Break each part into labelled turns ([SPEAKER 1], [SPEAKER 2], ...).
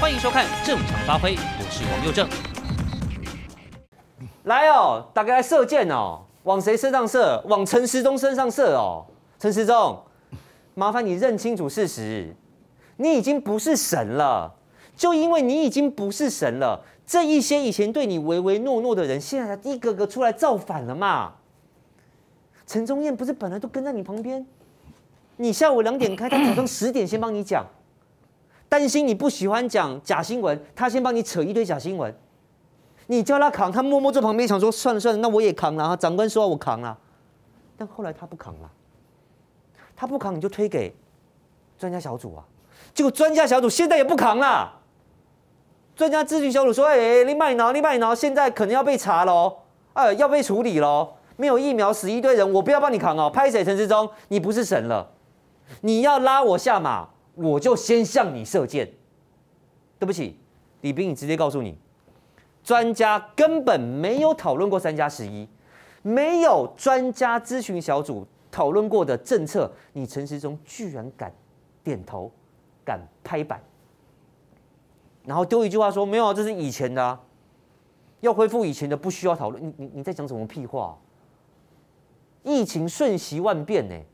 [SPEAKER 1] 歡迎收看正常發揮，我是王又正。來哦，大家來射箭哦，往誰身上射？往陳時中身上射哦，陳時中，麻煩你認清楚事實，你已經不是神了。就因為你已經不是神了，這一些以前對你唯唯諾諾的人，現在才一個個出來造反了嘛？陳宗彥不是本來都跟在你旁邊，你下午兩點開，他早上十點先幫你講。擔心你不喜歡講假新聞，他先幫你扯一堆假新聞。你叫他扛，他默默坐旁邊想說算了算了，那我也扛了啊。長官說我扛了，但後來他不扛了。他不扛你就推給專家小組啊,結果專家小組現在也不扛了。專家諮詢小組說：哎、欸，你慢一點哦，你慢一點哦，現在可能要被查嘍，哎，要被處理嘍。沒有疫苗死一堆人，我不要幫你扛哦。拍謝，陳時中，你不是神了，你要拉我下馬。我就先向你射箭，對不起，李秉穎，你直接告訴你，專家根本沒有討論過三加十一。沒有專家諮詢小組討論過的政策，你陳時中居然敢點頭，敢拍板，然後丟一句話說沒有啊，這是以前的啊，要恢復以前的不需要討論。你你你在講什麼屁話啊？疫情瞬息萬變哎、欸，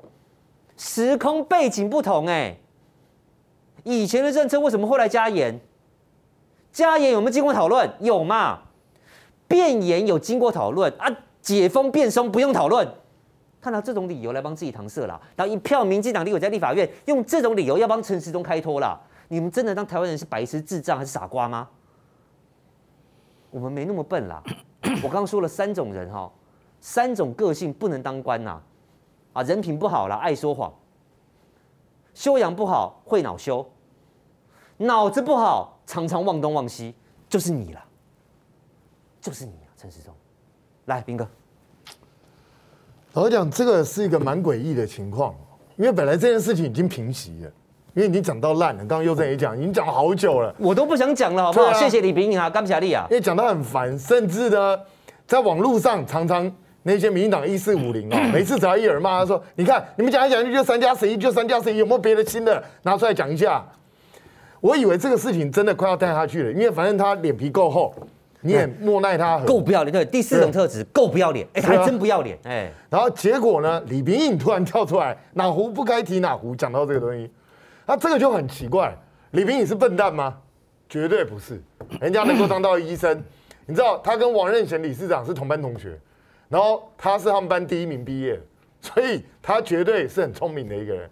[SPEAKER 1] 時空背景不同哎、欸。以前的政策為什麼後來加嚴？加嚴有沒有經過討論？有嘛？變嚴有經過討論啊？解封變鬆不用討論？看到這種理由來幫自己搪塞了，然後一票民進黨立委在立法院用這種理由要幫陳時中開脫了。你們真的當台灣人是白痴、智障還是傻瓜嗎？我們沒那麼笨啦。我剛剛說了三種人哈，三種個性不能當官吶。啊，人品不好啦，愛說謊，修養不好會惱羞。腦子不好，常常忘東忘西，就是你了，就是你啊，陳時中。來，冰哥，
[SPEAKER 2] 老實講這個是一個蠻詭異的情況，因為本來這件事情已經平息了，因為已經講到爛了，剛剛又在也講，已經講了好久了，我都不想講了，好不好？謝謝李秉穎你啊，幹不起來啊，因為講到很煩，甚至呢，在網路上常常那些民進黨一四五零啊，嗯、每次找他一人罵，說你看你們講來講去就三加十一，就三加十一，有沒有別的新的拿出來講一下？我以為這個事情，真的快要帶他去了，因為反正他臉皮夠厚，你也莫奈他夠不要臉。對，第四種特質夠是不要臉，哎、欸，他還真不要臉。哎嗎，欸、然後結果呢？李秉穎突然跳出來，哪壺不該提哪壺，講到這個東西，那這個就很奇怪。李秉穎是笨蛋嗎？絕對不是，人家能夠當到醫生，你知道他跟王任賢理事長是同班同學，然後他是他們班第一名畢業，所以他絕對是很聰明的一個人。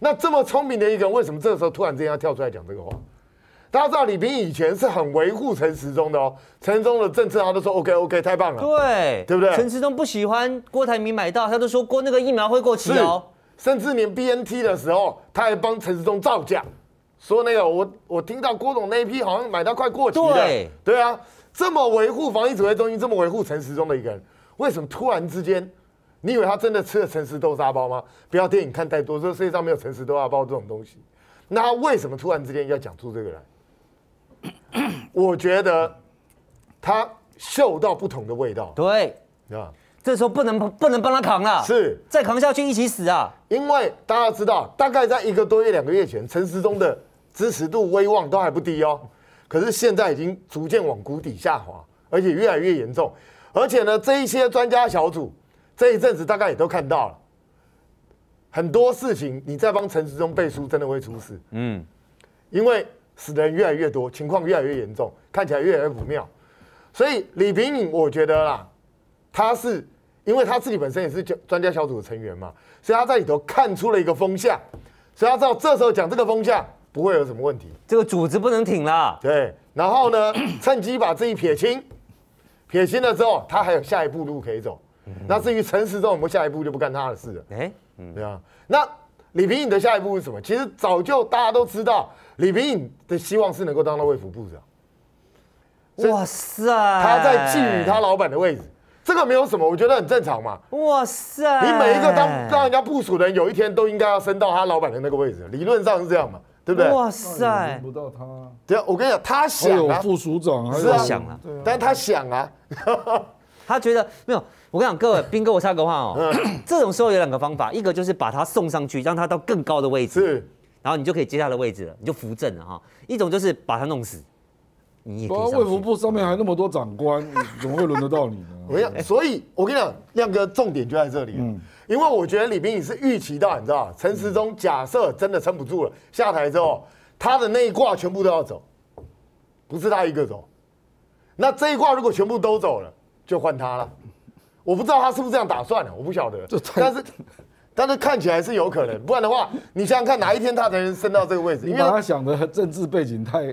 [SPEAKER 2] 那這麼聰明的一個人，為什麼這個時候突然之間要跳出來講這個話？大家知道李秉穎以前是很維護陳時中的哦、喔，陳時中的政策他都說 OK OK，太棒了。對，對不對？陳時
[SPEAKER 1] 中不喜歡郭台銘買到，他都說郭那個疫苗會過期哦、喔，甚至連 BNT 的時候，他還幫陳時中
[SPEAKER 2] 造假，說那個我我聽到郭總那一批好像買到快過期了。對，對啊，這麼維護防疫指揮中心，這麼維護陳時中的一個人，為什麼突然之間？你以為他真的吃了誠實豆沙包嗎？不要電影看太多，說世界上沒有誠實豆沙包這種東西。那他為什麼突然之間要講出這個來？ 我覺得他嗅到不同的味道。對，啊吧，這時候不能不能幫他扛啊，是再扛下去一起死啊！因為大家知道，大概在一個多月、兩個月前，陳時中的支持度、威望都還不低哦。可是現在已經逐漸往谷底下滑，而且越來越嚴重。而且呢，這一些專家小組。這一陣子大概也都看到了，很多事情，你在幫陳時中背書，真的會出
[SPEAKER 1] 事。嗯，
[SPEAKER 2] 因為死的人越來越多，情況越來越嚴重，看起來越來越不妙。所以李秉穎，我覺得啦，他是因為他自己本身也是專家小組的成員嘛，所以他在裡頭看出了一個風向，所以他知道這時候講這個風向不會有什麼問題。這個組織不能挺了。對。然後呢，趁機把自己撇清，撇清了之後，他還有下一步路可以走。那至於陳時中，我們下一步就不幹他的事了。哎、欸，對啊。那李秉穎的下一步是什麼？其實早就大家都知道，李秉穎的希望是能夠當到衛福部長。哇
[SPEAKER 1] 塞！他在覬覦他
[SPEAKER 2] 老板的位置，這個沒有什麼，我覺得很正常嘛。
[SPEAKER 1] 哇塞！你每一個當
[SPEAKER 2] 當人家部署的，人，有一天都應該要升到他老板的那個位置，理論上是這
[SPEAKER 1] 樣嘛，對不對？哇塞！輪不到他。對啊，我跟你講，他想副
[SPEAKER 3] 署長啊，想啊，
[SPEAKER 1] 但是他想啊， 他覺得沒有。我跟你講，各位冰哥，我插個話哦。嗯。 這種時候有兩個方法，一個就是把他送上去，讓他到更高的位置。是。然後你就可以接他的位置了，你就扶正了哈、哦。一種就是把他弄死。你也。把衛
[SPEAKER 3] 福部上面
[SPEAKER 2] 還那麼多長官， 怎麼會輪得到你呢你？所以，我跟你講，亮哥，重點就在這裡。嗯。因為我覺得李秉穎，你是預期到，你知道吧？陳時中假設真的撐不住了下台之後，他的那一掛全部都要走，不是他一個走。那這一掛如果全部都走了，就換他了。我不知道他是不是這樣打算的、啊，我不曉得。但是，但是看起來是有可能，不然的話，你想想看哪一天他才能升到這個位置？因為他想的政治背景太，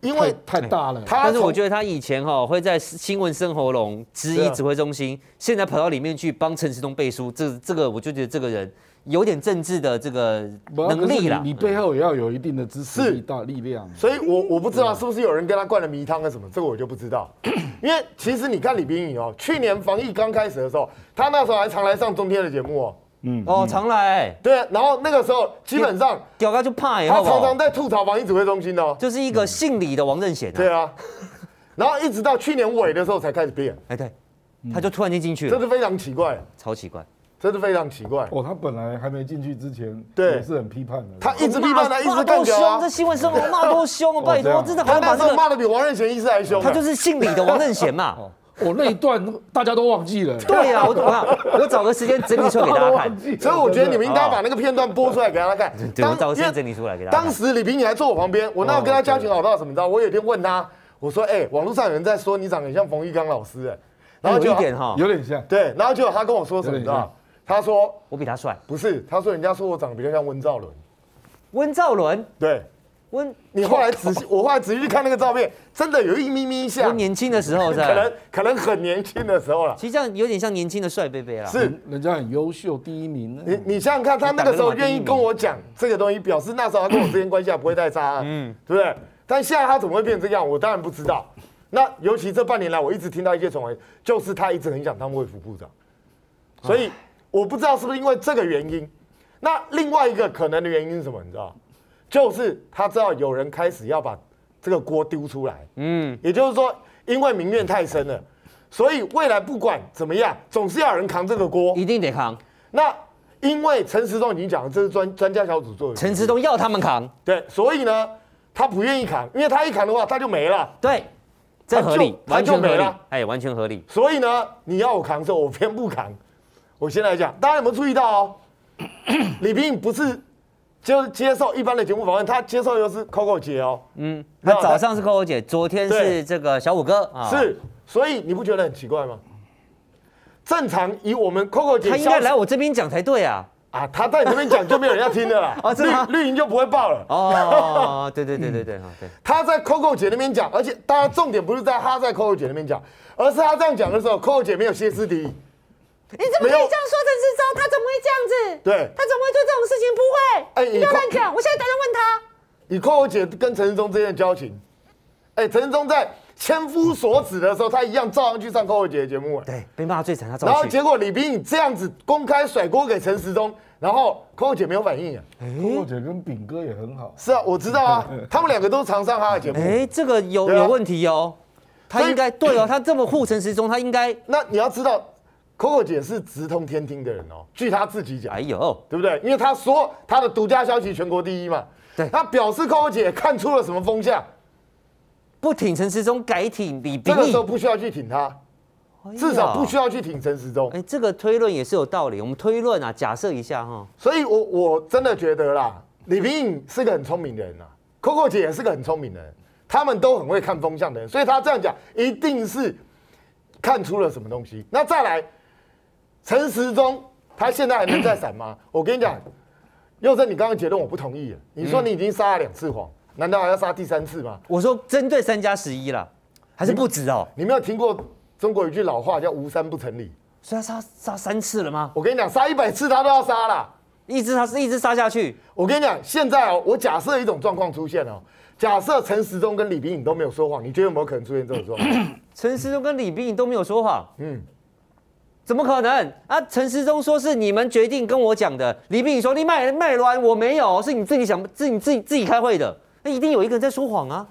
[SPEAKER 2] 因
[SPEAKER 3] 為太大了。但是我
[SPEAKER 1] 覺得他以前哈會在新聞深喉嚨質疑指揮中心，現在跑到裡面去幫陳時中背書，這這個我就覺得這個人有點政治的這個能力了，你
[SPEAKER 2] 背後也要有一定的知識大力量。所以，我我不知道是不是有人跟他灌了迷湯，跟什麼，這個我就不知道。因為其實你看李秉穎哦，去年防疫剛開始的時候，他那時候還常來上中天的節目哦，嗯，哦，常來。對啊，然後那個時候基本上屌哥就怕他，他常常在吐槽防疫指揮中心的，就是一個姓李的王任賢。對啊，然後一直到去年尾的時候才開始變。哎對，
[SPEAKER 1] 他就突然間進去了，
[SPEAKER 2] 這是非常奇怪，超奇怪。真的非常奇怪哦！他本來還沒進去之前，對，我是很批判的。他一直批判，
[SPEAKER 3] 他，一直幹架這新聞上，我罵多凶了，拜托，我真的把我個罵的
[SPEAKER 2] 比王任賢醫師還凶。他就是姓李的王任賢嘛。哦，我那一段大家都忘記了。
[SPEAKER 1] 對啊，我我我找個時間
[SPEAKER 2] 整理出來給大家看。所以我覺得你們應該把那個片段播出來給大家看。
[SPEAKER 1] 當時間整理出來給他。當
[SPEAKER 2] 時李平你還坐我旁邊，我那跟他家庭好到什麼？你知道，我有一天問他，我說：“哎，網絡上有人在說你長得像馮玉剛老師，哎，然後就有點哈，有點像對。”然後結果他跟我說什麼的。他說：“我比他帥。”不是，他說：“人家說我長得比較像溫兆倫。溫兆倫”溫兆倫對溫，溫你後來仔細，我後來仔細看那個照片，真的有一咪咪像。年
[SPEAKER 1] 輕的時候是，是？可能可能很年輕的時候了。其實這樣有點像年輕的帥貝貝啊。是，人家很
[SPEAKER 2] 優秀，第一名呢。你你想想看，他那個時候願意跟我講這個東西，表示那時候他跟我之間關係不會太差，嗯，對不對？但現在他怎麼會變成這樣？我當然不知道。那尤其這半年來，我一直聽到一些傳聞，就是他一直很想當衛福副部長，所以。我不知道是不是因為這個原因，那另外一個可能的原因是什麼？你知道，就是他知道有人開始要把這個鍋丟出來。嗯，也就是說，因為民怨太深了，所以未來不管怎麼樣，總是要有人扛這個鍋，一定得扛。那因為陳時中已經講了，這是專專家小組做的。陳時中要他們扛，對，所以呢，他不願意扛，因為他一扛的話，他就沒了。對，這合理，他就，完全合理，沒了。
[SPEAKER 1] 哎、欸，完全合理。
[SPEAKER 2] 所以呢，你要我扛的時候，我偏不扛。我先來講，大家有沒有注意到哦？ 李秉穎不是，就接受一般的節目訪問，他接受的是 Coco 姐哦。嗯，
[SPEAKER 1] 那早上是 Coco 姐，昨天是這個小五哥。對哦、是，
[SPEAKER 2] 所以你不覺得很奇怪嗎？正常以我們 Coco 姐，他應該來我這邊講才對啊！啊，他在你這邊講就沒有人要聽的啦。 啊，是綠綠營就不會爆了。哦，哦，哦，
[SPEAKER 1] 哦，對對對對對、 嗯，對，
[SPEAKER 2] 他在 Coco 姐那邊講，而且當然重點不是在他在 Coco 姐那邊講，而是他這樣講的時候，Coco 姐沒有歇斯底里。
[SPEAKER 1] 你怎麼可以這樣說陳時中？他怎麼會這樣子？對，他怎麼會做這種事情？不會，哎，你不要亂講！我現在等等問他。
[SPEAKER 2] 你扣我姐跟陳時中之間的交情，哎，陳時中在千夫所指的時候，他一樣照樣去上扣我姐的節目。對，冰爸最慘，他照然後結果李秉這樣子公開甩鍋給陳時中，然後扣我姐沒有反應。哎，
[SPEAKER 1] 靠我姐跟秉哥也很好。
[SPEAKER 2] 是啊，我知道啊，他們兩個都常上他的節目。哎，
[SPEAKER 1] 這個有有問題哦，他應
[SPEAKER 2] 該，對哦，他這麼護陳時中他應該，那你要知道。Coco 姐是直通天聽的人哦，據她自己講，哎呦，對不對？因為她說她的獨家消息全國第一嘛。對，她表示 Coco 姐看出了什麼風向，不挺陳時中，改挺李秉穎。這個時候不需要去挺他，哎、呀至少不需
[SPEAKER 1] 要去挺陳時中。哎，這個推論也是有道理。我們推論啊，假設一下哈。所以我，我我真的覺得啦，李秉穎是個很聰
[SPEAKER 2] 明的人吶、啊、，Coco 是姐也是個很聰明的人，他們都很會看風向的人，所以他這樣講，一定是看出了什麼東西。那再來。陳時中他現在還能再閃嗎？ 我跟你講，又在你剛剛結論我不同意你說，你已經撒了兩次謊，難道還要撒第三次嗎？
[SPEAKER 1] 我說針對三加十一了，還是不止哦，喔。
[SPEAKER 2] 你沒有聽過中國有句老話叫“無三不成禮”？
[SPEAKER 1] 所以他撒撒三次了嗎？我跟你
[SPEAKER 2] 講，撒一百次他都要撒了，一直他是一直撒下去。我跟你講，現在哦，喔，我假設一種狀況出現了，喔，假設陳時中跟李秉穎都沒有說謊，你覺得有沒有可能出現這種狀況？
[SPEAKER 1] 陳 時中跟李秉穎都沒有說謊。嗯。嗯怎麼可能啊？陳時中說是你們決定跟我講的。李秉穎說你賣賣卵，我沒有，是你自己想，是你自己自己，自己開會的。那、欸、一定有一個人在說謊啊！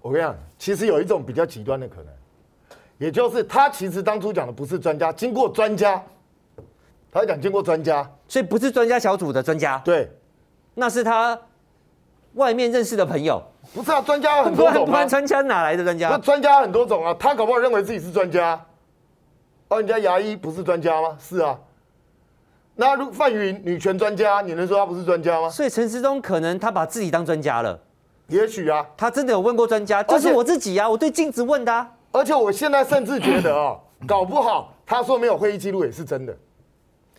[SPEAKER 1] 我跟你講，其實有一種比較極端的可
[SPEAKER 2] 能，也就是他其實當初講的不是專家，經過專家，他
[SPEAKER 1] 講經過專家，所以不是專家小組的專家，對，那是他外面認識的朋友。不是啊，專家有很多種，專 家哪來的專家？那專家很多種啊，
[SPEAKER 2] 他搞不好認為自己是專家。哦，人家牙醫不是專家嗎？是啊，
[SPEAKER 1] 那如范雲女權專家，你能說她不是專家嗎？所以陳時中可能他把自己當專家了，也許啊，他真的有問過專家，就是我自己啊，而且我對鏡子問的啊。而且我現在甚至覺得啊、哦，搞不好他說沒有會議記錄也是真的，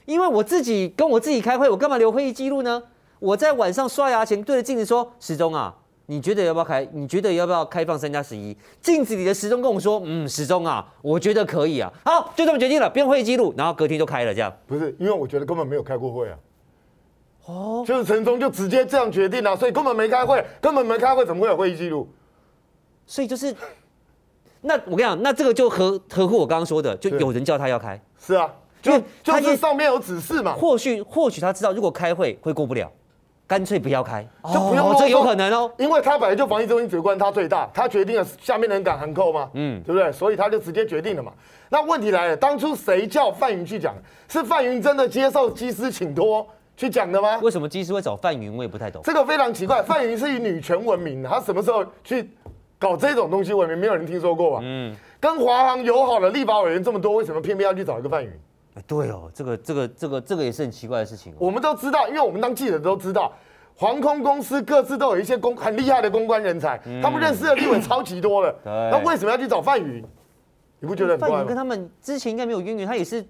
[SPEAKER 1] 因為我自己跟我自己開會，我幹嘛留會議記錄呢？我在晚上刷牙前對着鏡子說：“時中啊。”你覺得要不要開？你覺得要不要開放三加十一？鏡子裡的時鐘跟我說：“嗯，時鐘啊，我覺得可以啊。”好，就這麼決定了。編會議記錄，然後隔天就開了，這樣。不是，因為我覺得根
[SPEAKER 2] 本沒有開過會啊。哦，就是陳忠就直接這樣決定了，啊，所以根本沒開會，根本沒開會，怎麼會有會議記錄？
[SPEAKER 1] 所以就是，那我跟你講，那這個就合合乎我剛剛說的，就有人叫他要開。是啊，就他就是上面有指示嘛。或許或許他知道，如果開會會過不了。乾脆不要開，
[SPEAKER 4] 就不用、哦哦。
[SPEAKER 2] 這有可能哦，因為他本來就防疫中心主管，他最大，他決定了，下面的人敢橫扣嗎？嗯，對不對？所以他就直接決定了嘛。那問題來了，當初誰叫范雲去講？是范雲真的接受機師請託去講的嗎？為什麼機師會找范雲？我也不太懂。這個非常奇怪，范雲是以女權聞名，他什麼時候去搞這種東西？聞名，沒有人聽說過啊。嗯，跟華航友好的立法委員這麼多，為什麼偏偏要去找一個范雲？
[SPEAKER 1] 哎，對哦，這個、這個、這個、這個也是很奇怪的事情、啊。
[SPEAKER 2] 我們都知道，因為我們當記者都知道，航空公司各自都有一些公很厲害的公關人才，嗯、他們認識的立委超級多了。對那為什麼要去找范雲？你
[SPEAKER 3] 不覺得范雲跟他
[SPEAKER 1] 們之前應該沒有淵源？他也是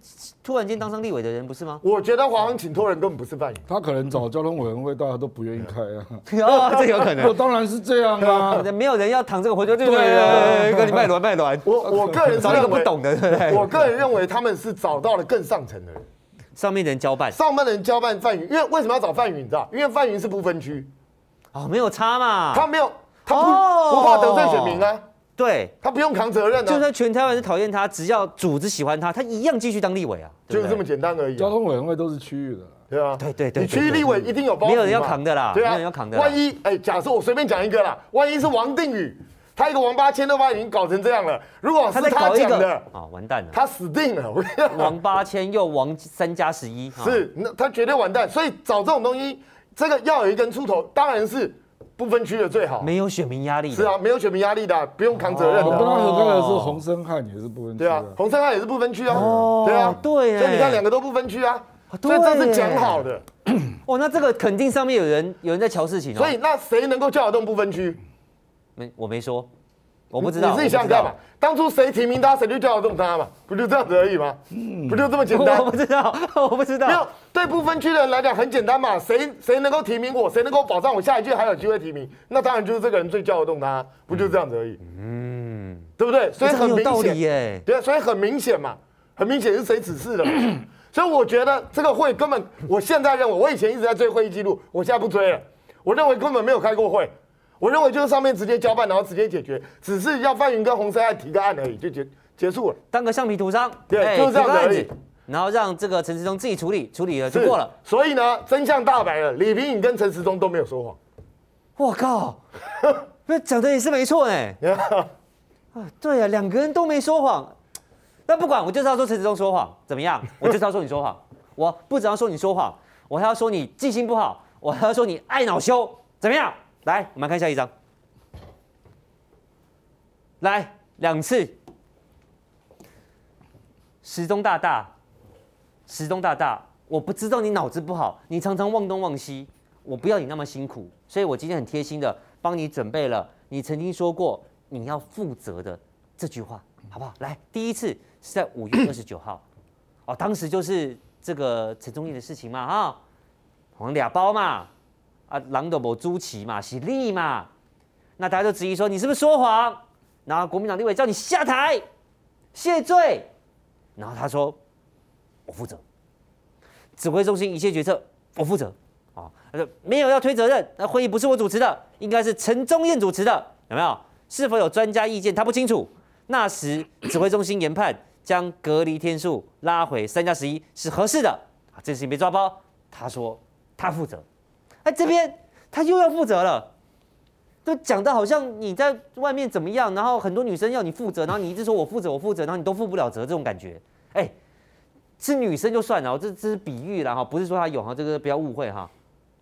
[SPEAKER 1] 突然間當上立委的人，不是嗎？
[SPEAKER 3] 我覺得華航請托人根本不是范雲，他可能找交通委員會，大家都不願意開啊。啊、 哦，
[SPEAKER 1] 這有可能。我、 哦、當然是這樣啊， 沒有人要躺這個回旋圈。 對，對對對，跟你拜托拜托。我我個人找一個不懂的，我個
[SPEAKER 2] 人認為他們是找到了更上層的人，上面人交辦。上面的人交辦范雲，因為為什麼要找范雲？你知道？因為范雲是不分區哦，
[SPEAKER 1] 沒有差嘛。他沒有，
[SPEAKER 2] 他不、哦、不怕得罪選民呢？
[SPEAKER 1] 對，他不用扛責任、啊，就算全台灣人討厭他，只要組織喜歡他，他一樣繼續當立委啊，對對就是這麼簡單而已、啊。交通
[SPEAKER 2] 委員會都是區域的、啊，對啊，對對對,
[SPEAKER 1] 對，你區域立委一定有包，沒有人要扛的啦，對啊，沒有人要扛的。萬一，
[SPEAKER 2] 哎、欸，假設我隨便講一個啦，萬一是王定宇，他一個王八千都把已經搞成這樣了，如果是他講的啊，完蛋了，他死定了，
[SPEAKER 1] 王八千又
[SPEAKER 2] 王三加十一，11, 啊、是，他絕對完蛋。所以找這種東西，這個要有一根出頭，當然是。不分區的最好，沒有選民壓力。是啊，沒有選民壓力的，不用扛責任的。哦、我剛剛說的是
[SPEAKER 3] 洪
[SPEAKER 1] 申翰也是不分區。對啊，洪申翰也是不分區啊。哦，嗯、對啊，對啊、欸，所以你看兩個都不分
[SPEAKER 2] 區啊，啊。對、欸，所以這是講好的。
[SPEAKER 1] 哦，那這個肯定上面有人，有人在喬事情哦。所以
[SPEAKER 2] 那誰能夠叫得動不分區？
[SPEAKER 1] 沒，我沒說。我不知道，你自己想想看嘛，
[SPEAKER 2] 當初誰提名他，誰就叫得動他嘛，不就這樣子而已嗎？不就這麼簡單？我不知道，我不知道。沒有，對不分區的人來講很簡單嘛，誰誰能夠提名我，誰能夠保障我下一屆還有機會提名，那當然就是這個人最叫得動他，不就這樣子而已？嗯，對不對？所以很明顯。對，所以很明顯嘛，很明顯是誰指示的。所以我覺得這個會根本，我現在認為，我以前一直在追會議記錄，我現在不追了，我認為根本沒有開過會。我認為就是上面直接交辦，然後直接解決，只是要范雲跟洪色愛提個案而已，就結結束了。當個橡皮圖章，對，欸、就是這樣而已。
[SPEAKER 1] 然後讓這個陳時中自己處
[SPEAKER 2] 理，處理了就過了。所以呢，真相大白了，李秉穎跟陳時中都沒有說謊。
[SPEAKER 1] 我靠，那講 的也是沒錯哎。 對啊，兩個人都沒說謊。 那不管，我就是要說陳時中說謊，怎麼樣？我就是要說你說謊， 我不只要說你說謊，我還要說你記性不好，我還要說你愛惱羞，怎麼樣？來，我們來看下一張。來兩次，時中大大，時中大大，我不知道你腦子不好，你常常忘東忘西，我不要你那麼辛苦，所以我今天很貼心的幫你準備了。你曾經說過你要負責的這句話，好不好？來，第一次是在五月二十九號， 哦，當時就是這個陳宗彥的事情嘛，哈、哦，黃倆包嘛。啊，朗德某朱奇嘛，是立嘛，那大家都質疑說你是不是說謊？然後國民黨立委叫你下台謝罪，然後他說我負責，指揮中心一切決策我負責啊，他說沒有要推責任，那會議不是我主持的，應該是陳宗彥主持的，有沒有？是否有專家意見？他不清楚。那時指揮中心研判將隔離天數拉回三加十一是合適的啊，這事情被抓包，他說他負責。哎，這邊他又要負責了，就講得好像你在外面怎麼樣，然後很多女生要你負責，然後你一直說我負責我負責，然後你都負不了責這種感覺。哎、欸，是女生就算了，這這是比喻了哈，不是說他有哈，這個不要誤會哈。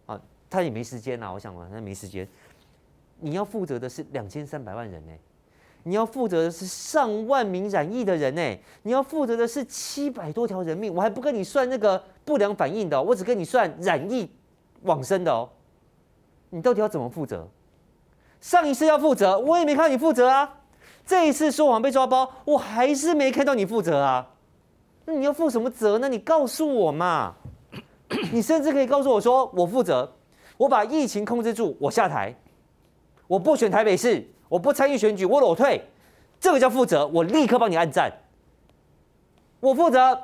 [SPEAKER 1] 啊，他也沒時間吶，我想嘛，他也沒時間。你要負責的是兩千三百萬人呢、欸，你要負責的是上萬名染疫的人呢、欸，你要負責的是七百多條人命，我還不跟你算那個不良反應的，我只跟你算染疫。往生的哦，你到底要怎麼負責？上一次要負責，我也沒看到你負責啊。這一次說謊被抓包，我還是沒看到你負責啊。那你要負什麼責呢？你告訴我嘛。你甚至可以告訴我說，我負責，我把疫情控制住，我下台，我不選台北市，我不參與選舉，我裸退，這個叫負責。我立刻幫你按讚。我負責，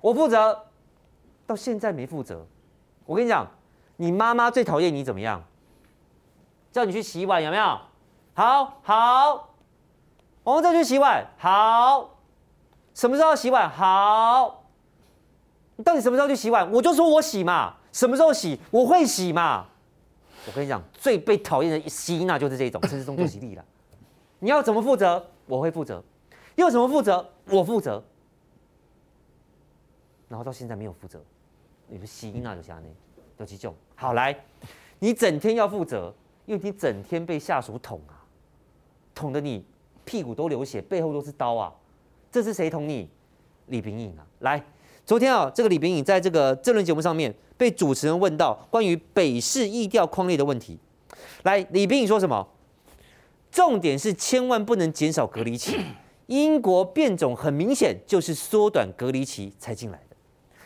[SPEAKER 1] 我負責，到現在沒負責。我跟你講。你媽媽最討厭你怎麼樣？叫你去洗碗有沒有？好，好，我、哦、們再去洗碗。好，什麼時候洗碗？好，你到底什麼時候去洗碗？我就說我洗嘛，什麼時候洗？我會洗嘛。我跟你講，最被討厭的死囡仔就是這種，真是中就洗力了。你要怎麼負責？我會負責。要怎麼負責？我負責。然後到現在沒有負責，你說死囡仔就下。呢。好來，你整天要負責，因為你整天被下屬捅啊，捅得你屁股都流血，背後都是刀啊！這是誰捅你？李秉穎啊！來，昨天啊，這個李秉穎在這個政論節目上面被主持人問到關於北市疫調框列的問題，來，李秉穎說什麼？重點是千萬不能減少隔離期，英國變種很明顯就是縮短隔離期才進來的。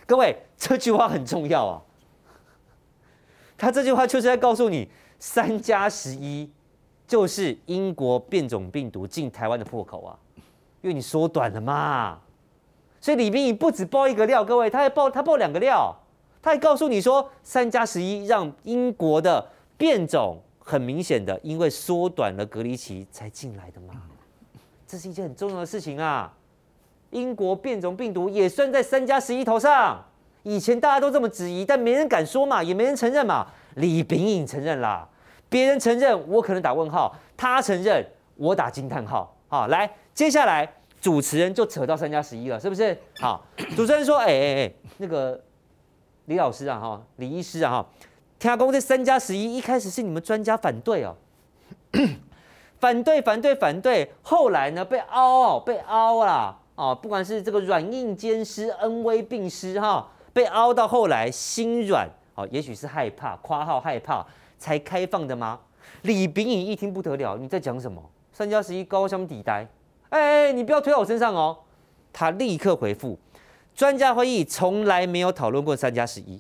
[SPEAKER 1] 各位，這句話很重要啊！他這句話就是在告訴你，三加十一就是英國變種病毒進台灣的破口啊，因為你縮短了嘛，所以李秉穎不止爆一個料，各位，他還爆他爆兩個料，他還告訴你說，三加十一讓英國的變種很明顯的，因為縮短了隔離期才進來的嘛，這是一件很重要的事情啊，英國變種病毒也算在三加十一頭上。以前大家都這麼質疑，但沒人敢說嘛，也沒人承認嘛。李秉穎承認啦，別人承認我可能打問號，他承認我打驚嘆號。好，來，接下來主持人就扯到三加十一了，是不是？好，主持人說，哎哎哎，那個李老師啊，哈，李醫師啊，哈，聽公這三加十一一開始是你們專家反對哦， 反對反對反對，後來呢被凹被凹啦，不管是這個軟硬兼施，恩威並施，哈。被凹到後來心軟，哦，也許是害怕，誇號害怕才開放的嗎？李秉穎一聽不得了，你在講什麼？三加十一高箱底呆，哎、欸、哎，你不要推到我身上哦。他立刻回覆：專家會議從來沒有討論過三加十一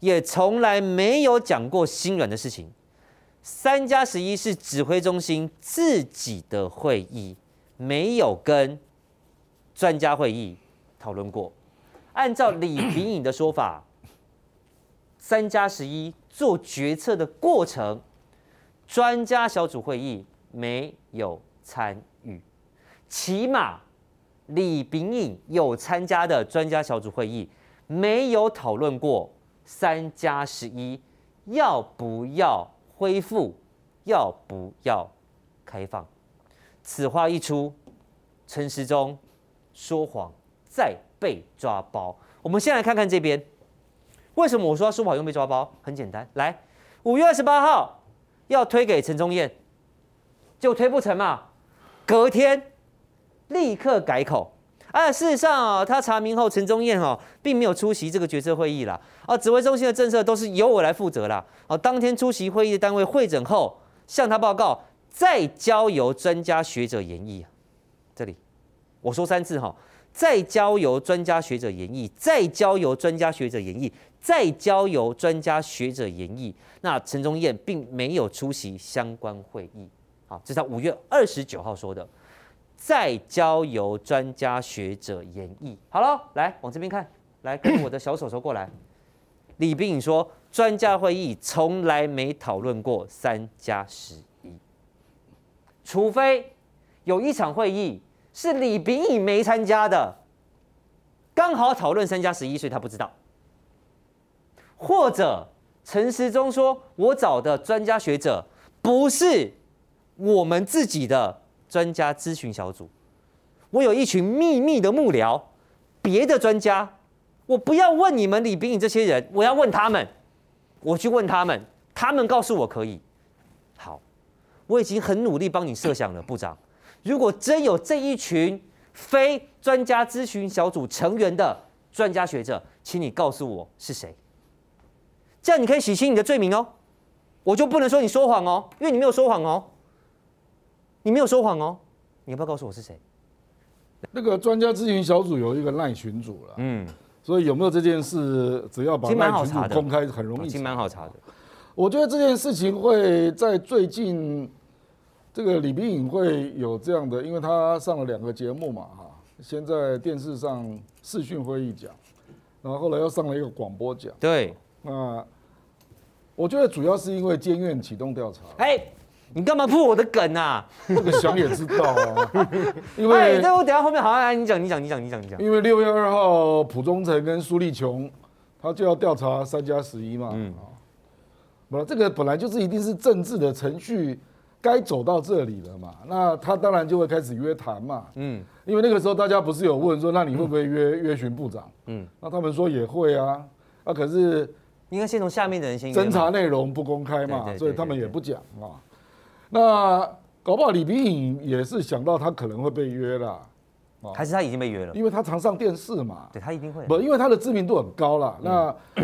[SPEAKER 1] ，11, 也從來沒有講過心軟的事情。三加十一是指揮中心自己的會議，沒有跟專家會議討論過。按照李秉穎的說法，三加十一做決策的過程，專家小組會議沒有參與。起碼李秉穎有參加的專家小組會議，沒有討論過三加十一要不要恢復，要不要開放。此話一出，陳時中說謊在被抓包，我們先來看看這邊，為什麼我說書不好又被抓包？很簡單，來，五月二十八號要推給陳宗彥，就推不成嘛。隔天立刻改口，啊，事實上哦，他查明後，陳宗彥哦並沒有出席這個決策會議啦。啊，指揮中心的政策都是由我來負責啦。哦、啊，當天出席會議的單位會診後，向他報告，再交由專家學者研議、啊。這裡我說三次哈、哦。再交由專家學者研議，再交由專家學者研議，再交由專家學者研議。那陳宗彥並沒有出席相關會議。好，這是他五月二十九號說的。再交由專家學者研議。好了，來往這邊看，來跟我的小手手過來。 李秉穎說，專家會議從來沒討論過三加十一，11, 除非有一場會議。是李秉穎沒參加的，剛好討論 3+11，所以他不知道。或者陳時中說：“我找的專家學者不是我們自己的專家諮詢小組，我有一群秘密的幕僚，別的專家，我不要問你們李秉穎這些人，我要問他們，我去問他們，他們告訴我可以。好，我已經很努力幫你設想了， 部長。”如果真有這一群非專家諮詢小組成員的專家學者，請你告訴我是誰，這樣你可以洗清你的罪名哦。我就不能說你說謊哦，因為你沒有說謊哦，你沒有說謊哦，你要不要告訴我是誰？
[SPEAKER 3] 那個專家諮詢小組有一個 line 群組了，嗯，所以有沒有這件事，只要把 line 群組公開，很容易，已經蠻好查的。我覺得這件事情會在最近。這個李秉穎會有這樣的，因為他上了兩個節目嘛，哈，先在電視上視訊會議講，然後後來又上了一個廣播講。對，那我覺得主要是因為監院啟動調
[SPEAKER 1] 查。哎，你幹嘛破我的梗啊？這
[SPEAKER 4] 個想也知道啊，
[SPEAKER 1] 因為……哎，那我等下後面好，來你講，你講，你講，你講，你講。
[SPEAKER 3] 因為六月二號，浦忠成跟蘇立瓊，他就要調查三加十一嘛，嗯，啊，不，這個本來就是一定是政治的程序。該走到這裡了嘛？那他當然就會開始約談嘛。嗯，因為那個時候大家不是有問說，那你會不會約、嗯、約詢部長？嗯、那、啊、他們說也會啊。
[SPEAKER 1] 啊，可是應該先從下面的人先。偵查
[SPEAKER 3] 內容不公開嘛，所以他們也不講啊。那搞不好李秉穎也是想到他可能會被約啦。還是他已經被約了，因為他常上電視嘛。對，他一定會、啊、不，因為他的知名度很高啦。嗯、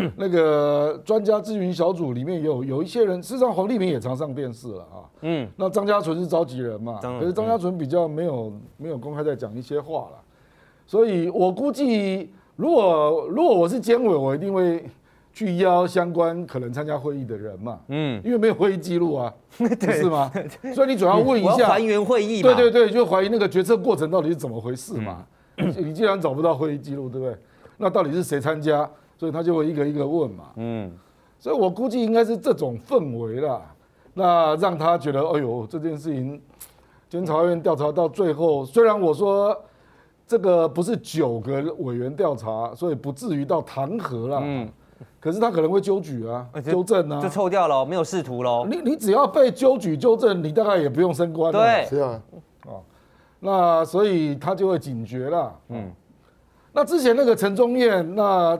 [SPEAKER 3] 那那個專家諮詢小組裡面有有一些人，事實上黃立民也常上電視了啊。嗯，那張家淳是召集人嘛，真 可是張家淳比較沒有沒有公開在講一些話啦，所以我估計如果如果我是監委，我一定會。拒邀相關可能參加會議的人嘛，嗯，因為沒有會議記錄啊，
[SPEAKER 4] 對 是嗎？對 所以你總要問一下，還原會議，對對
[SPEAKER 3] 對，就懷疑那個決策過程到底是怎麼回事嘛？嗯、你既然找不到會議記錄，對不對？嗯、那到底是誰參加？所以他就會一個一個問嘛，嗯，所以我估計應該是這種氛圍啦。那讓他覺得，哎呦，這件事情監察院調查到最後，雖然我說這個不是九個委員調查，所以不至於到彈劾了，嗯。可是他可能會糾舉啊，糾正啊，就臭
[SPEAKER 1] 掉了，沒有仕途嘍。你你只
[SPEAKER 3] 要被糾舉糾正，你大概也不用升官。對，是啊，哦，那所以他就會警覺了。嗯，嗯、那之前那個陳宗彥，那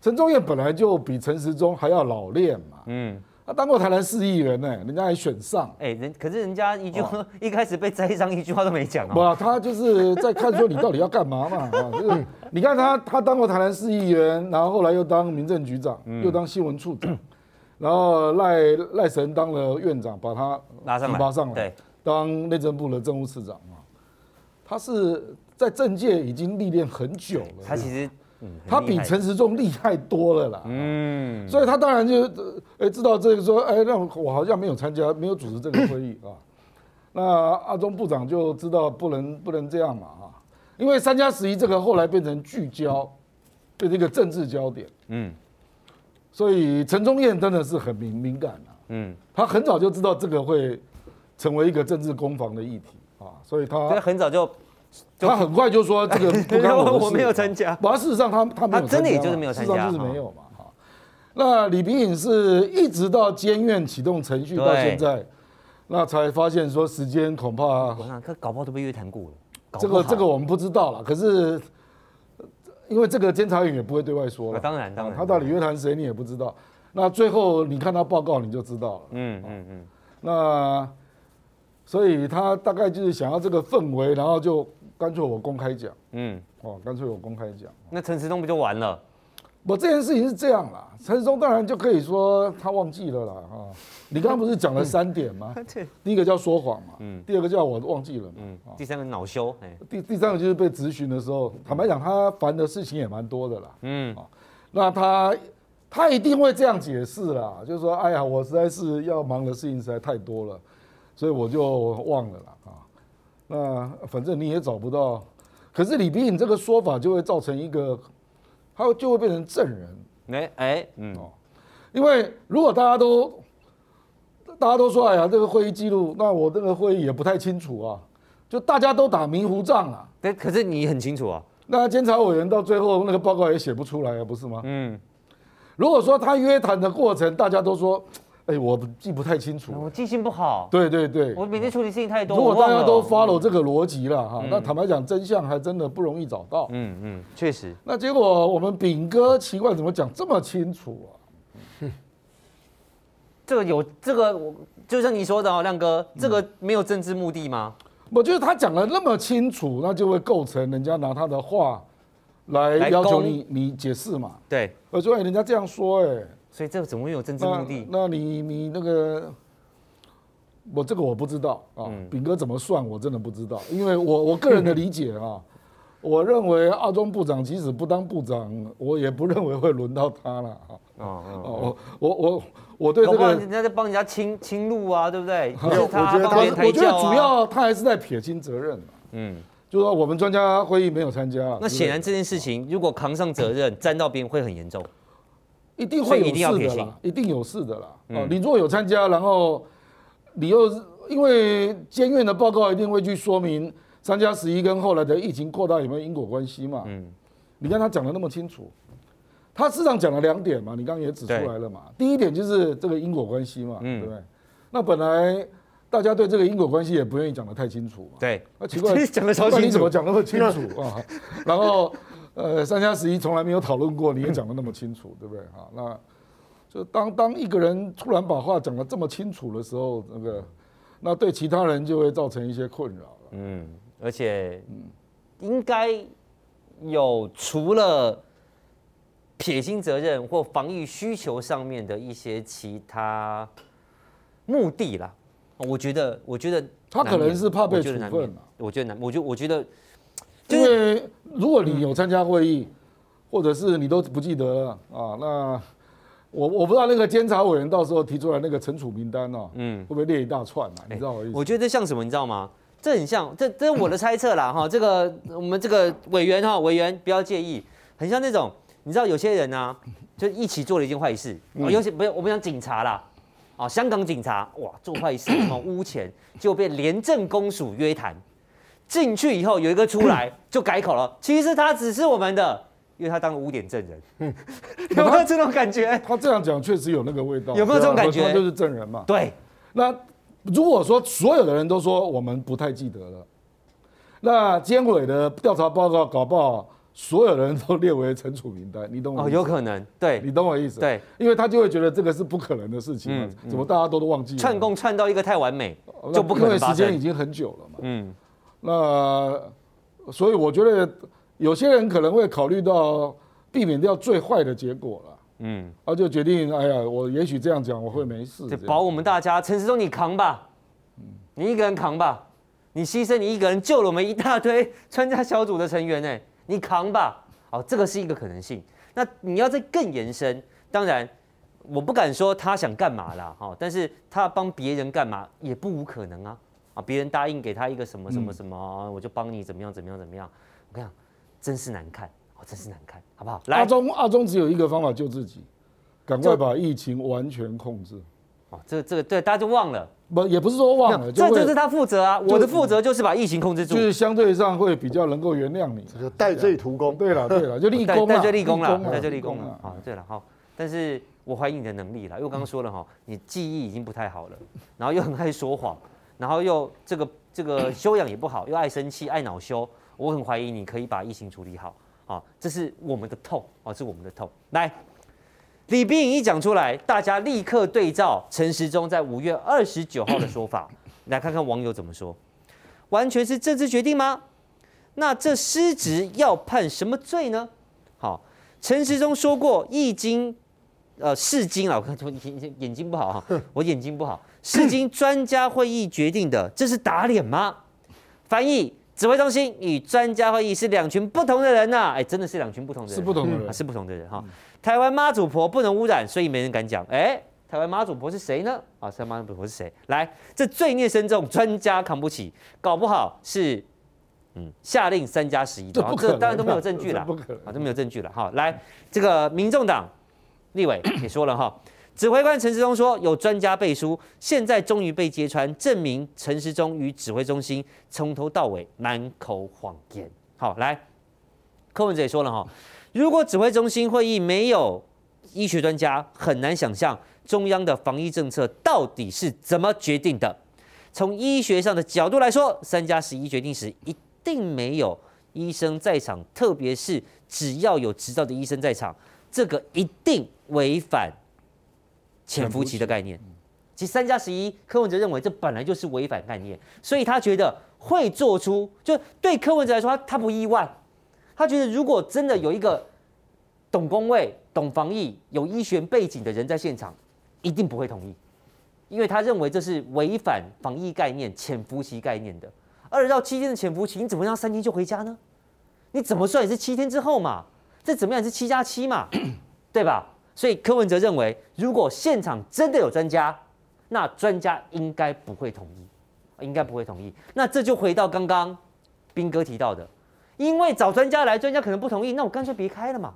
[SPEAKER 3] 陳宗彥本來就比陳時中還要老練嘛。嗯。他當過台南市議員呢、欸，人家還選上。
[SPEAKER 1] 哎、欸，人可是人家一句話，哦、一開始被栽贓，一句話都沒講、哦。
[SPEAKER 3] 不，他就是在看說你到底要幹嘛嘛。 啊，就是你看他，他當過台南市議員，然後後來又當民政局長，嗯、又當新聞處長，嗯、然後賴賴神當了院長，把他提拔上來，拉上來、對、當內政部的政務次長嘛。他是在政界已經歷練很久了。他其實。嗯、他比陳時中厲害多了啦，嗯、啊，所以他當然就，哎、欸，知道這個說，哎、欸，那我好像沒有參加，沒有主持這個會議啊，那阿中部長就知道不能不能這樣嘛啊，因為三加十一這個後來變成聚焦，對這個政治焦點，嗯，所以陳宗彥真的是很敏敏感啊，
[SPEAKER 1] 嗯，
[SPEAKER 3] 他很早就知道這個會成為一個政治攻防的議題啊，所以他很
[SPEAKER 1] 早就。就他很快
[SPEAKER 3] 就說這個，我， 我沒有參加不、啊。不過事實上他，他他沒有參加。他真的也就是沒有參加。就是沒有嘛。哦哦、那李秉穎是一直到監院啟動程序到現在，對 那才發現說時間恐怕、嗯啊。可搞不好都被約談過了。這個這個我們不知道了。可是因為這個監察院也不會對外說了、啊。當然當然、啊。他到底約談誰你也不知道。那最後你看他報告你就知道
[SPEAKER 1] 了。
[SPEAKER 3] 嗯、哦、嗯嗯。嗯嗯那所以他大概就是想要這個氛圍，然後就。乾脆我公開講，嗯，哦，乾脆我公開講，
[SPEAKER 1] 那陳時中不就完了？
[SPEAKER 3] 我這件事情是這樣啦，陳時中當然就可以說他忘記了啦啊！你剛剛不是講了三點嗎？嗯、第一個叫說謊嘛，嗯，第二個叫我忘記了嘛，嗯，第三個惱羞，欸、第第三個就是被質詢的時候，坦白講他煩的事情也蠻多的啦，嗯啊，那他他一定會這樣解釋啦，就是說，哎呀，我實在是要忙的事情實在太多了，所以我就忘了啦啊。那、嗯、反正你也找不到，可是李秉穎，你這個說法就會造成一個，他就會變成證人。
[SPEAKER 1] 哎哎、欸欸，嗯哦，
[SPEAKER 3] 因為如果大家都大家都說哎呀，這個會議記錄，那我這個會議也不太清楚啊，就大家都打迷糊仗
[SPEAKER 1] 了，啊。對、嗯，可是你很清楚啊。
[SPEAKER 3] 那監察委員到最後那個報告也寫不出來啊，不是嗎？嗯，如果說他約談的過程，大家都說。哎，我記不太清楚，我記性不好。對對對，我每天處理事情太多。如果大家都 follow 這個邏輯了哈、嗯啊，那坦白講，真相還真的不容易找到。
[SPEAKER 1] 嗯嗯，確實。
[SPEAKER 3] 那結果我們秉哥，奇怪，怎麼講這麼清楚啊？
[SPEAKER 1] 這個有這個，我就像你說的、哦，亮哥，這個沒有政治目的嗎？嗯、
[SPEAKER 3] 不，就是他講的那麼清楚，那就會構成人家拿他的話
[SPEAKER 1] 來要求你，攻你解釋嘛。對，我
[SPEAKER 3] 說，哎，人家這樣說，哎。所以這怎麼會有政治目的？那你你那個，我這個我不知道啊。秉哥怎麼算？我真的不知道，因為我我個人的理解啊，我認為阿中部長即使不當部長，我也不認為會輪到他了啊。哦，我我我我對這個人
[SPEAKER 1] 家在幫人家清清路啊，對不對？我覺得他，我覺得主要
[SPEAKER 3] 他還是在撇清責任。嗯，就說我們專家會議沒有參加，那顯
[SPEAKER 1] 然這件事情如果扛上責任，沾到邊會很嚴重。一定會有事的啦，一
[SPEAKER 3] 定，一定有事的啦。嗯、哦，你如果有參加，然後你又因為監院的報告一定會去說明，三加十一跟後來的疫情擴大有沒有因果關係嘛？嗯，你看他講的那麼清楚，他事實上講了兩點嘛，你剛剛也指出來了嘛。對第一點就是這個因果關係嘛，嗯、對不對？那本來大家對這個因果關係也不願意講得太清楚嘛，對，那、啊、奇怪，講 得超清楚，你怎麼講那麼清楚啊、 哦？然後。呃，三加十一從來沒有討論過，你也講得那麼清楚，呵呵 對不對？哈，那就當當一個人突然把話講得這麼清楚的時候，
[SPEAKER 1] 那個那對其他人就會造成一些困擾了。嗯，而且應該有除了撇清責任或防禦需求上面的一些其他目的啦。我覺得，我覺得他可能是怕被處分嘛、啊。我覺得難免，我我覺得。
[SPEAKER 3] 因為如果你有參加會議，或者是你都不記得了啊，那我我不知道那個監察委員到時候提出來那個懲處名單呢、啊，嗯，會不會
[SPEAKER 1] 列一大串嘛、啊？你知道我意思、欸？我覺得這像什麼，你知道嗎？這很像，這這是我的猜測啦哈。這個我們這個委員哈，委員不要介意，很像那種你知道有些人啊，就一起做了一件壞事，嗯、尤其不是我們講警察啦，啊，香港警察哇做壞事什麼污錢，就被廉政公署約談。進去以後有一個出來就改口了，其實他只是我們的，因為他當污點證人，嗯、
[SPEAKER 3] 有沒有這種感覺？他，他這樣講確實有那個味道，有沒有這種感覺？啊、就是
[SPEAKER 1] 證人嘛。對，那
[SPEAKER 3] 如果說所有的人都說我們不太記得了，那監委的調查報告搞不好所有人都列為懲處名單，你懂我？哦，有可能，對，你懂我意思？哦、對，對 因為他就會覺得這個是不可能的事情、嗯、怎麼大家都都忘記？串供串到
[SPEAKER 1] 一個太完美，就不可能發生。因為時間已
[SPEAKER 3] 經很久了嘛。嗯。那所以我覺得有些人可能會考慮到避免掉最壞的結果
[SPEAKER 1] 了，嗯，他就決定，哎呀，我也許這樣講我會
[SPEAKER 3] 沒事，就保我們
[SPEAKER 1] 大家。陳時中，你扛吧，嗯、你一個人扛吧，你犧牲你一個人救了我們一大堆專家小組的成員呢、欸，你扛吧。哦，這個是一個可能性。那你要再更延伸，當然我不敢說他想幹嘛啦，哈，但是他幫別人幹嘛也不無可能啊。啊！別人答應給他一個什麼什麼什麼，我就幫你怎麼樣怎麼樣怎麼樣。我跟你講，真是難看，我真是難看，好不好？來，阿中，
[SPEAKER 3] 阿中只有一個方法救自己，趕快把疫情完全控制。
[SPEAKER 1] 哦，這個這個對，大家就忘了。
[SPEAKER 3] 不，也不是說忘了，就這這就是他
[SPEAKER 1] 負責啊，我的負責就是把疫情
[SPEAKER 3] 控制住。就是相對上會比較能夠原諒你，這個戴罪圖功。對了對了，就立功戴罪立功了，戴罪立功
[SPEAKER 1] 了。啊，對了，好，但是我懷疑你的能力了，因為我剛剛說了哈、喔，你記憶已經不太好了，然後又很愛說謊。然後又這個這個修養也不好，又愛生氣愛惱羞，我很懷疑你可以把疫情處理好啊，這是我們的痛啊，是我們的痛。來，李秉穎一講出來，大家立刻對照陳時中在五月二十九號的說法， 來看看網友怎麼說。完全是政治決定嗎？那這失職要判什麼罪呢？好，啊，陳時中說過，已經呃視金了，我看，我眼睛不好，我眼睛不好。是經專家會議決定的，這是打臉嗎？反正指揮中心與專家會議是兩群不同的人吶、啊，哎、欸，真的是兩群不同的人，是不同的人，是不同的人哈。台灣媽祖婆不能污染，所以沒人敢講。哎、欸，台灣媽祖婆是誰呢？啊、哦，台灣媽祖婆是誰？來，這罪孽深重，專家扛不起，搞不好是，嗯，下令 3+11，這不可能，當然都沒有證據了，不可能啊、哦，都沒有證據了。好、哦，來，這個民眾黨立委也說了哈。 指揮官陳時中說：“有專家背書，現在終於被揭穿，證明陳時中與指揮中心從頭到尾滿口謊言。”好，來，柯文哲也說了哈，如果指揮中心會議沒有醫學專家，很難想象中央的防疫政策到底是怎麼決定的。從醫學上的角度來說，“三加十一”決定時一定沒有醫生在場，特別是只要有執照的醫生在場，這個一定違反。潛伏期的概念，其實三加十一，11，柯文哲認為這本來就是違反概念，所以他覺得會做出，就對柯文哲來說，他他不意外，他覺得如果真的有一個懂公衛、懂防疫、有醫學背景的人在現場，一定不會同意，因為他認為這是違反防疫概念、潛伏期概念的。二到七天的潛伏期，你怎麼讓三天就回家呢？你怎麼算也是七天之後嘛？這怎麼樣也是七加七嘛， 對吧？所以柯文哲認為，如果現場真的有專家，那專家應該不會同意，應該不會同意。那這就回到剛剛冰哥提到的，因為找專家來，專家可能不同意，那我乾脆別開了嘛。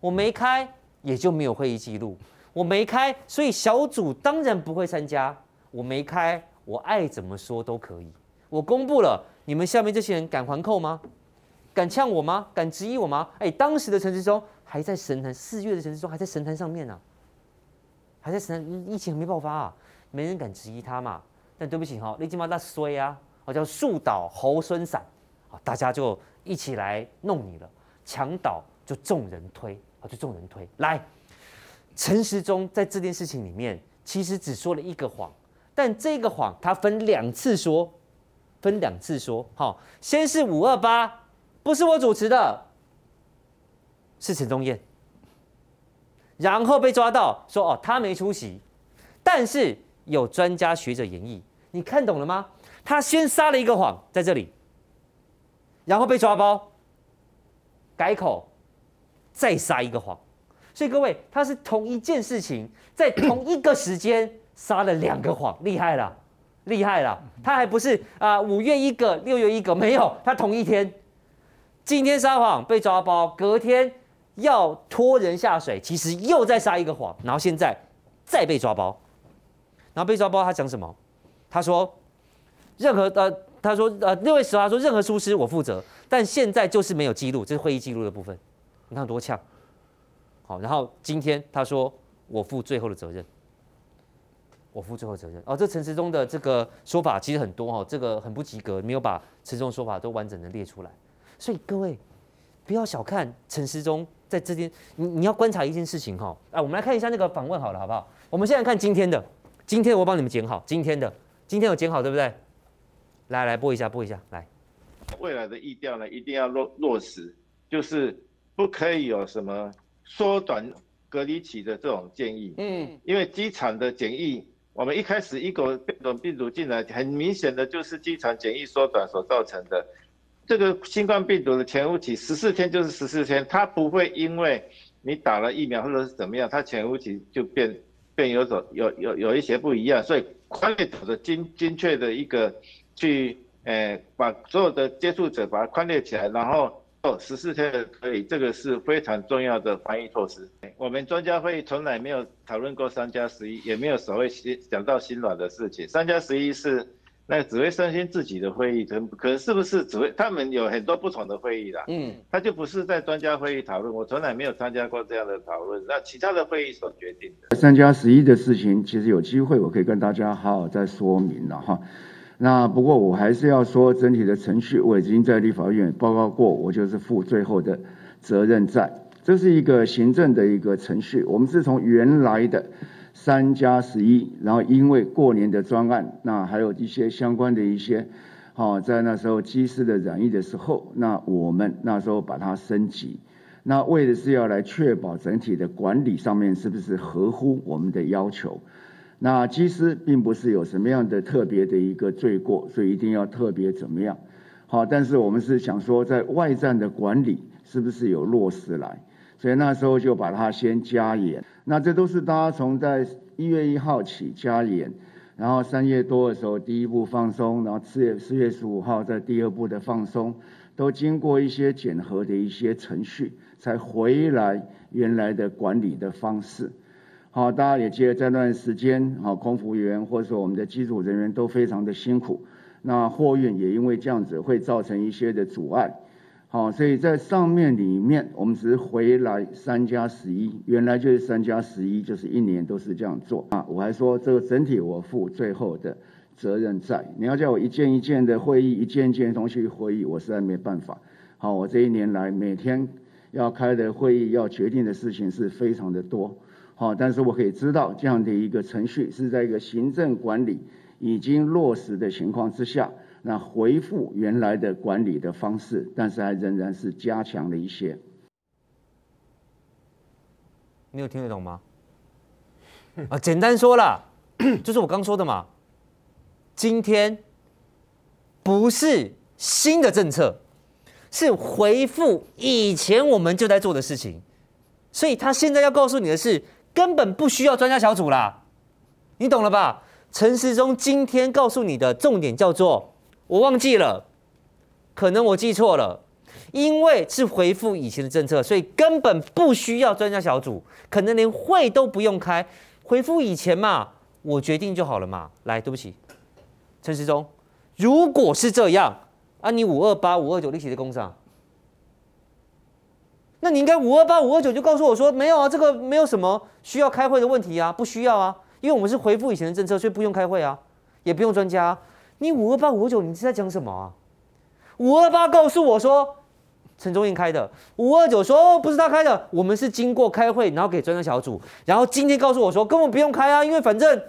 [SPEAKER 1] 我沒開，也就沒有會議記錄。我沒開，所以小組當然不會參加。我沒開，我愛怎麼說都可以。我公布了，你們下面這些人敢還口嗎？敢嗆我嗎？敢質疑我嗎？哎、欸，當時的陳時中還在神壇，四月的陳時中還在神壇上面呢、啊，還在神壇疫情還沒爆發啊，沒人敢質疑他嘛。但對不起哈、喔，你盡嘛那衰啊，我叫樹倒猢猻散，大家就一起來弄你了。牆倒就眾人推，好，就眾人推來。陳時中在這件事情裡面其實只說了一個謊，但這個謊他分兩次說，分兩次說，好，先是五二八。不是我主持的，是陳宗彥，然後被抓到說，哦他沒出席，但是有專家學者演繹，你看懂了嗎？他先撒了一個謊在這裡，然後被抓包，改口，再撒一個謊，所以各位他是同一件事情，在同一個時間撒了兩個謊，厲害了，厲害了，他還不是啊，呃？五月一個，六月一個，沒有，他同一天。今天撒謊被抓包，隔天要拖人下水，其實又在撒一個謊，然後現在再被抓包，然後被抓包他講什麼？他說任何呃，他說呃，六位時他說任何疏失我負責，但現在就是沒有記錄，這是會議記錄的部分，你看多嗆。好，然後今天他說我負最後的責任，我負最後的責任。哦，這陳時中的這個說法其實很多哦，這個很不及格，沒有把陳時中的說法都完整的列出來。所以各位，不要小看陳時中在這邊。你你要觀察一件事情哈、啊，我們來看一下那個訪問好了，好不好？我們現在看今天的，今天我幫你們剪好今天的，今天有剪好，對不對？來來播一下，播一下來。
[SPEAKER 4] 未來的疫調呢，一定要落落實，就是不可以有什麼縮短隔離期的這種建議。嗯，因為機場的檢疫，我們一開始一個變種病毒進來，很明顯的就是機場檢疫縮短所造成的。這個新冠病毒的潛伏期十四天就是十四天，它不會因為你打了疫苗或者是怎麼樣，它潛伏期就變變有所有有有一些不一樣，所以寬列的精精確的一個去誒、呃、把所有的接觸者把它寬略起來，然後哦十四天可以，這個是非常重要的防疫措施。我們專家會議從來沒有討論過三加十一，也沒有所謂心講到心軟的事情，三加十一是。那指揮中心自己的會議，可可是不是指揮？他們有很多不同的會議啦，嗯，他就不是在專家會議討論。我從來沒有參加過這樣的討論。那其他的會議所決定的，三加十一的事情，其實有機會我可以跟大家好好再說明了哈。那不過我還是要說，整體的程序我已經在立法院報告過，我就是負最後的責任在。這是一個行政的一個程序，我們是從原來的。三加十一，然後因為過年的專案，那還有一些相關的一些，好，在那時候機師的染疫的時候，那我們那時候把它升級，那為的是要來確保整體的管理上面是不是合乎我們的要求。那機師並不是有什麼樣的特別的一個罪過，所以一定要特別怎麼樣？好，但是我們是想說在外站的管理是不是有落實來，所以那時候就把它先加嚴。那這都是大家從在一月一號起加嚴，然後三月多的時候第一步放鬆，然後四月四月十五號在第二步的放鬆，都經過一些檢核的一些程序，才回來原來的管理的方式。好，大家也記得這段時間，好空服員或者說我們的機組人員都非常的辛苦。那貨運也因為這樣子會造成一些的阻礙。哦，所以在上面裡面，我們只是回來三加十一，原來就是三加十一，就是一年都是這樣做啊。我還說這個整體我負最後的責任在。你要叫我一件一件的會議，一件件東西會議，我實在沒辦法。好，我這一年來每天要開的會議，要決定的事情是非常的多。好，但是我可以知道這樣的一個程序是在一個行政管理已經落實的情況之下。那回復原來的管理的方式，但是還仍然是加強了一些。
[SPEAKER 1] 你有聽得懂嗎？啊，簡單說啦， 就是我剛說的嘛。今天不是新的政策，是回復以前我們就在做的事情。所以他現在要告訴你的是，根本不需要專家小組啦。你懂了吧？陳時中今天告訴你的重點叫做。我忘記了，可能我記錯了，因為是回復以前的政策，所以根本不需要專家小組，可能連會都不用開。回復以前嘛，我決定就好了嘛。來，對不起，陳時中，如果是這樣，啊，你五二八、五二九，你提的工廠，那你應該五二八、五二九就告訴我說沒有啊，這個沒有什麼需要開會的問題啊，不需要啊，因為我們是回復以前的政策，所以不用開會啊，也不用專家。你五二八五二九，你是在講什麼啊？五二八告訴我說，陳宗彥開的。五二九說，不是他開的，我們是經過開會，然後給專家小組，然後今天告訴我說，根本不用開啊，因為反正，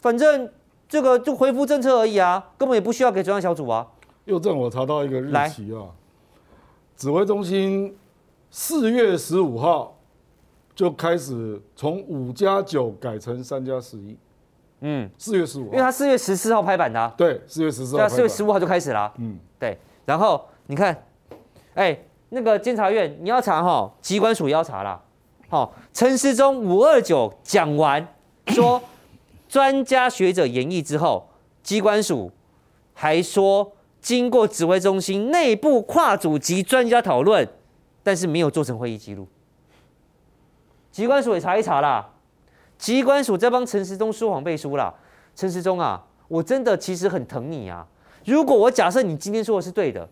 [SPEAKER 1] 反正這個就恢復政策而已啊，根本也不需要給專家小組啊。又正我查到一個日期啊，
[SPEAKER 3] 來指揮中心四月十五號就開始從五加九改成三加十一。嗯，四月十五，
[SPEAKER 1] 因為他四月十四號拍板的、啊。對，四月十四號。四月十五號就開始了、啊。嗯，對。然後你看，哎、欸，那個監察院你要查哈，疾管署要查啦。陳時中五二九講完 說，專家學者研議之後，疾管署還說經過指揮中心內部跨組及專家討論，但是沒有做成會議記錄。疾管署也查一查啦。機關署在幫陳時中說謊背書啦，陳時中啊，我真的其實很疼你啊。如果我假設你今天說的是對的，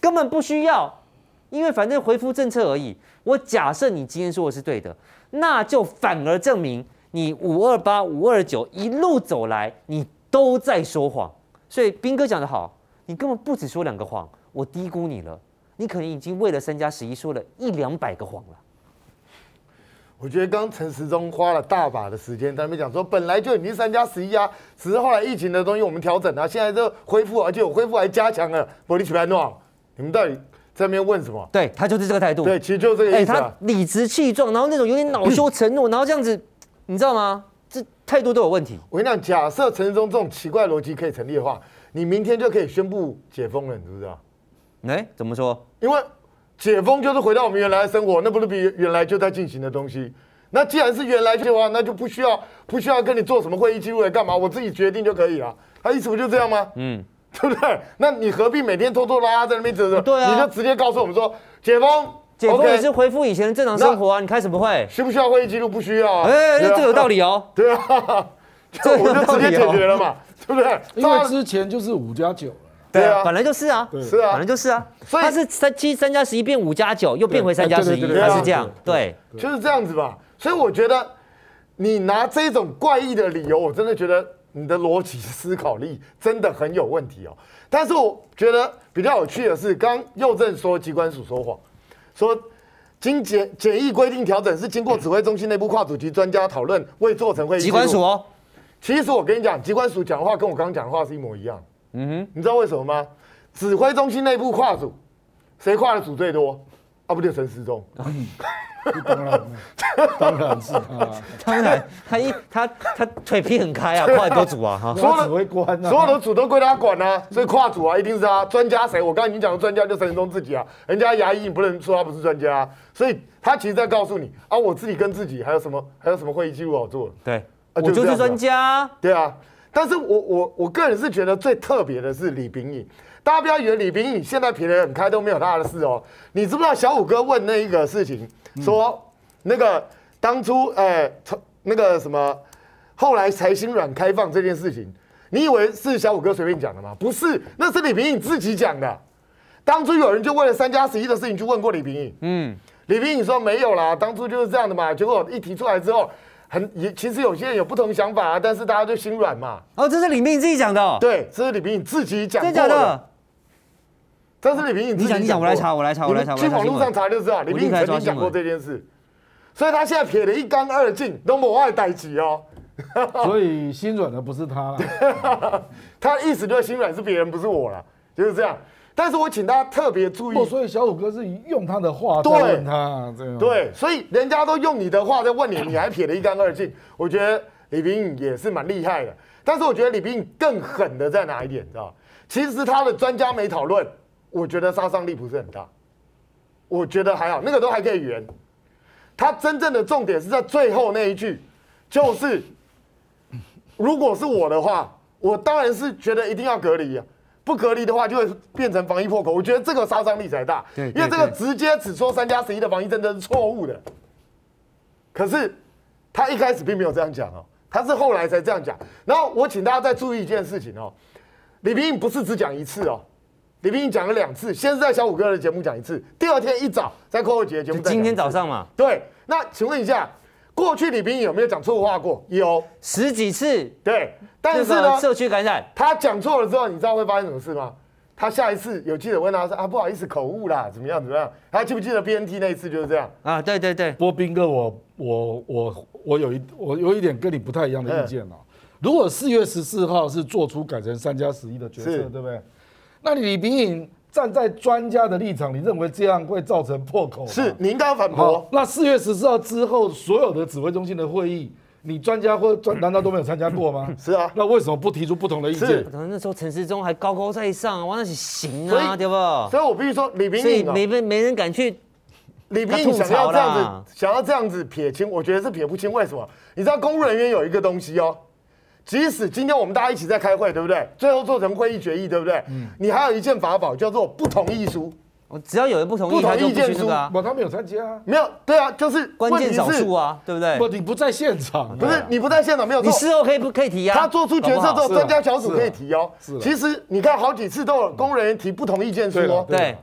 [SPEAKER 1] 根本不需要，因為反正回復政策而已。我假設你今天說的是對的，那就反而證明你五二八、五二九一路走來，你都在說謊。所以冰哥講得好，你根本不止說兩個謊，我低估你了。你可能已經為了三加十一說了一兩百個謊了。我覺得剛剛
[SPEAKER 2] 陳時中花了大把的時間在那邊講說，本來就已經三加十一啊，只是後來疫情的東西我們調整了，啊，現在就恢復，而且有恢復還加強了。伯林奇牌諾，你們到底在那邊問什麼？
[SPEAKER 1] 對，他就是這個態度。對，其實就是這個意思，啊。哎、欸，他理直氣壯，然後那種有點惱羞成怒，然後這樣子，你知道嗎？這態度都有問題。我跟你講，假設陳時中這種奇怪的邏
[SPEAKER 2] 輯可以成立的話，你明天就可以宣布解封了，你知不知道？哎、
[SPEAKER 1] 欸，怎麼說？
[SPEAKER 2] 因為解封，就是回到我們原來的生活，那不是比原來就在進行的東西？那既然是原來計劃，那就不需要不需要跟你做什麼會議記錄來幹嘛？我自己決定就可以了。他意思不就這樣嗎？
[SPEAKER 4] 嗯，
[SPEAKER 2] 對不對？那你何必每天拖拖拉拉在那邊走走、嗯？對啊，你就直接告訴我們說解封，解封也是恢復以前的正常生活
[SPEAKER 1] 啊！那你開什麼會？
[SPEAKER 2] 需不需要會議記錄？不需要、啊。哎，那這有道理哦對、啊。對啊，就我就直接解決了嘛，哦、
[SPEAKER 3] 對不對？因為之
[SPEAKER 1] 前就是五加九對啊，本來就是啊，是啊，對，本來就是啊，所以他是三七三加十一變五加九，9, 又變回三加十一，他是這樣，對，對對對就是這樣子吧。所以我
[SPEAKER 2] 覺得你拿這種怪異的理由，我真的覺得你的邏輯思考力真的很有問題哦。但是我覺得比較有趣的是，剛右正說機關署說謊，說經檢、檢疫規定調整是經過指揮中心內部跨主題專家討論未做成會議。機關署哦。其實我跟你講，機關署講話跟我剛剛講的話是一模一樣。嗯，你知道為什麼嗎？指揮中心內部跨組，誰跨的組最多？啊，不，就是陳時中。 當然，當然是他、啊，他一他他腿皮很開啊，跨多組啊，哈。啊、所有的組，所有的組都歸他管啊，所以跨組啊，一定是他專家。誰？我剛才已經講的專家就是陳時中自己啊。人家牙醫，你不能說他不是專家、啊。所以他其實在告訴你啊，我自己跟自己還有什麼，還有什麼會議記錄好做。對，啊、我就是專家、啊。對啊。但是我我我個人是覺得最特別的是李秉穎，大家不要以為李秉穎現在評的很開都沒有他的事哦。你知不知道小五哥問那一個事情，說那個當初從、欸、那個什麼，後來才心軟開放這件事情，你以為是小五哥隨便講的嗎？不是，那是李秉穎自己講的。當初有人就為了三加十一的事情去問過李秉穎，嗯，李秉穎說沒有啦，當初就是這樣的嘛。結果一提出來之後，很也其實有些人有不同想法啊，但是大家就心軟嘛。哦，這是李秉穎自己講的、哦。對，這是李秉穎你自己講的。真的假的？這是李秉穎你自己講過的、啊你你。我來查，我來查，我來查。我去網絡上查就知道、啊，我李秉穎曾經講過這件事，所以他現在撇得一乾二淨，都無我的代誌哦。所以心軟的不是他， 他意思就是心軟是別人不是我了，就是這樣。但是我請大家特別注意，哦、所以小五哥是用他的話在問
[SPEAKER 3] 他，對，
[SPEAKER 2] 所以人家都用你的話在問你，你還撇得一乾二淨。我覺得李秉穎也是蠻厲害的，但是我覺得李秉穎更狠的在哪一點，你知道其實他的專家沒討論，我覺得殺傷力不是很大，我覺得還好，那個都還可以圓。他真正的重點是在最後那一句，就是如果是我的話，我當然是覺得一定要隔離啊。不隔離的話，就會變成防疫破口。我覺得這個殺傷力才大，對對對，因為這個直接只說三加十一的防疫政策是錯誤的。可是他一開始並沒有這樣講哦，他是後來才這樣講。然後我請大家再注意一件事情哦、喔，李秉穎不是只講一次哦、喔，李秉穎講了兩次，先是在小虎哥的節目講一次，第二天一早在扣扣姐的節目講一次。今天早上嘛。對，那請問一下。過去李秉穎有沒有講錯話過？有十幾次，對。但是呢，社區感染，他講錯了之後，你知道會發生什麼事嗎？他下一次有記者問他說：“啊，不好意思，口誤啦，怎麼樣，怎麼樣？”他還記不記得 BNT 那一次就是這樣
[SPEAKER 3] 啊？對對對，波兵哥，我我我我有一我有一點跟你不太一樣的意見啊、哦。嗯、如果四月十四號是做出改成三加十一的決策，是對不對？那你李秉穎？站在專家的立場，你認為這樣會造成破口？是，你應該要反駁、哦。那四月十四號之後所有的指揮中心的會議，你專家或專難道都沒有參加過嗎？ 是啊。那為什麼不提出不同的意見？
[SPEAKER 1] 是。可能那時候陳時中還高高在上，哇，那是行啊，對不？所以我
[SPEAKER 2] 必須說，李
[SPEAKER 3] 秉
[SPEAKER 1] 穎、哦，你沒沒人敢去。李秉穎，想要這樣子，
[SPEAKER 2] 想要這樣子撇清，我覺得是撇不清。為什麼？你知道公務人員有一個東西哦。即使今天我們大家一起在開會，對不對？最後做成會議決議，對不對？嗯、你還有一件法寶叫做不同意書。我只要有人不同意，不，啊、不同意見書啊。我他沒有參加，沒有。對啊，就是，問題是關鍵少數啊，對不對？不，你不在現場。不是你不在現場，沒有。啊、你事後可以不可以提啊？他做出決策之後，專家小組可以提哦。是、啊，啊、其實你看好幾次都有工人提不同意見書哦。對、啊。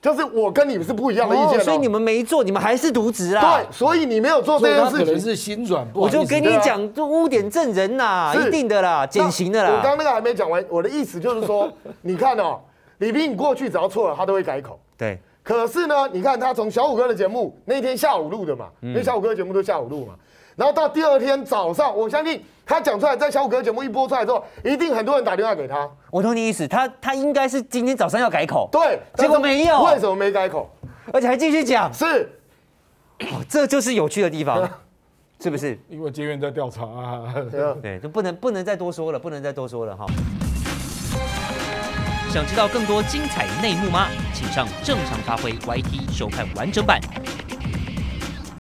[SPEAKER 2] 就是
[SPEAKER 1] 我跟你們是不一樣的意見、哦，oh, 所以你們沒做，你們還是瀆職啊！對，所以你沒有做這件事情，可能是
[SPEAKER 3] 心軟。不我就跟你講，
[SPEAKER 1] 啊、污點證人吶、啊，是一定的啦，減刑的啦。我剛
[SPEAKER 2] 那個還沒講完，我的意思就是說， 你看哦，李秉穎，你過去只要錯了，他都會改口。對，可是呢，你看他從小五哥的節目那天下午錄的嘛，因為、嗯、小五哥節目都下午錄嘛。然後到第二天早上，我相信他講出來，在小五哥節目一播出來之後，一定很多人打
[SPEAKER 1] 電話給他。我懂你意思，他他應該是今天早上要改口，對，結果沒有，為什麼沒改口？而且還繼續講，是、哦，這就是有趣的地方，啊、是不是？因為監院在調查，對啊，啊對，就不能不能再多說了，不能再多說了哈。想知道更多精彩內幕嗎？請上正常發揮 YT 收看完整版。